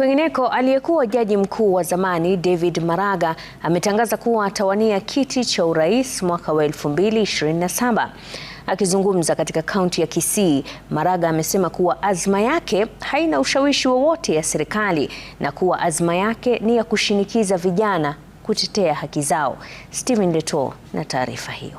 Kwingineko, aliyekuwa jaji mkuu wa zamani David Maraga ametangaza kuwa atawania kiti cha urais mwaka wa 2027. Akizungumza katika kaunti ya Kisii, Maraga amesema kuwa azma yake haina ushawishi wowote ya serikali na kuwa azma yake ni ya kushinikiza vijana kutetea haki zao. Stephen Leto na taarifa hiyo.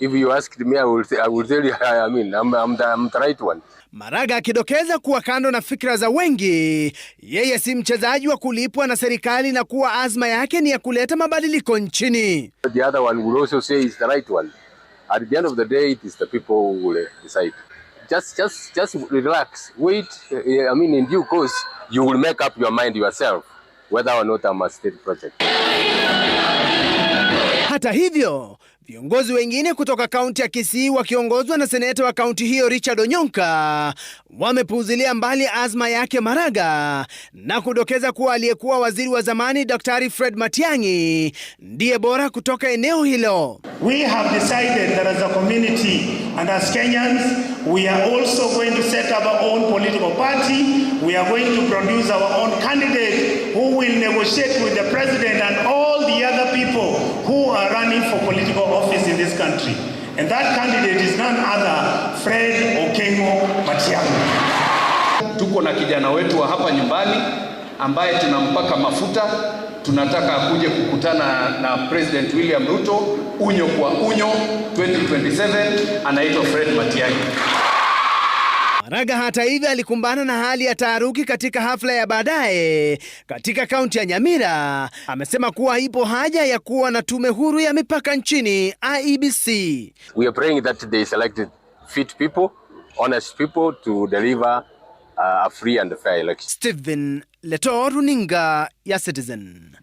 If you ask me, I will, say, I will tell you, I mean, I'm, I'm the, I'm the right one. Maraga akidokeza kuwa kando na fikra za wengi, yeye si mchezaji wa kulipwa na serikali na kuwa azma yake ni ya kuleta mabadiliko nchini. The other one will also say is the right one. At the end of the day, it is the people who will decide. Just, just, just relax. Wait, eh, I mean, in due course, you will make up your mind yourself whether or not I'm a state project. Hata hivyo Viongozi wengine kutoka kaunti ya Kisii wakiongozwa na seneta wa kaunti hiyo Richard Onyonka wamepuuzilia mbali azma yake Maraga na kudokeza kuwa aliyekuwa waziri wa zamani Daktari Fred Matiang'i ndiye bora kutoka eneo hilo. We have decided that as a community and as Kenyans we are also going to set up our own political party. We are going to produce our own candidate who will negotiate with the president and all the other people who are running for political office in this country. And that candidate is none other Fred Okengo Matiang'i. Tuko na kijana wetu wa hapa nyumbani ambaye tunampaka mafuta, tunataka akuje kukutana na President William Ruto unyo kwa unyo 2027 anaitwa Fred Matiang'i. Maraga hata hivyo alikumbana na hali ya taharuki katika hafla ya baadaye katika kaunti ya Nyamira. Amesema kuwa ipo haja ya kuwa na tume huru ya mipaka nchini IEBC. We are praying that they selected fit people, honest people to deliver uh, a free and fair election. Stephen Leto, Runinga ya Citizen.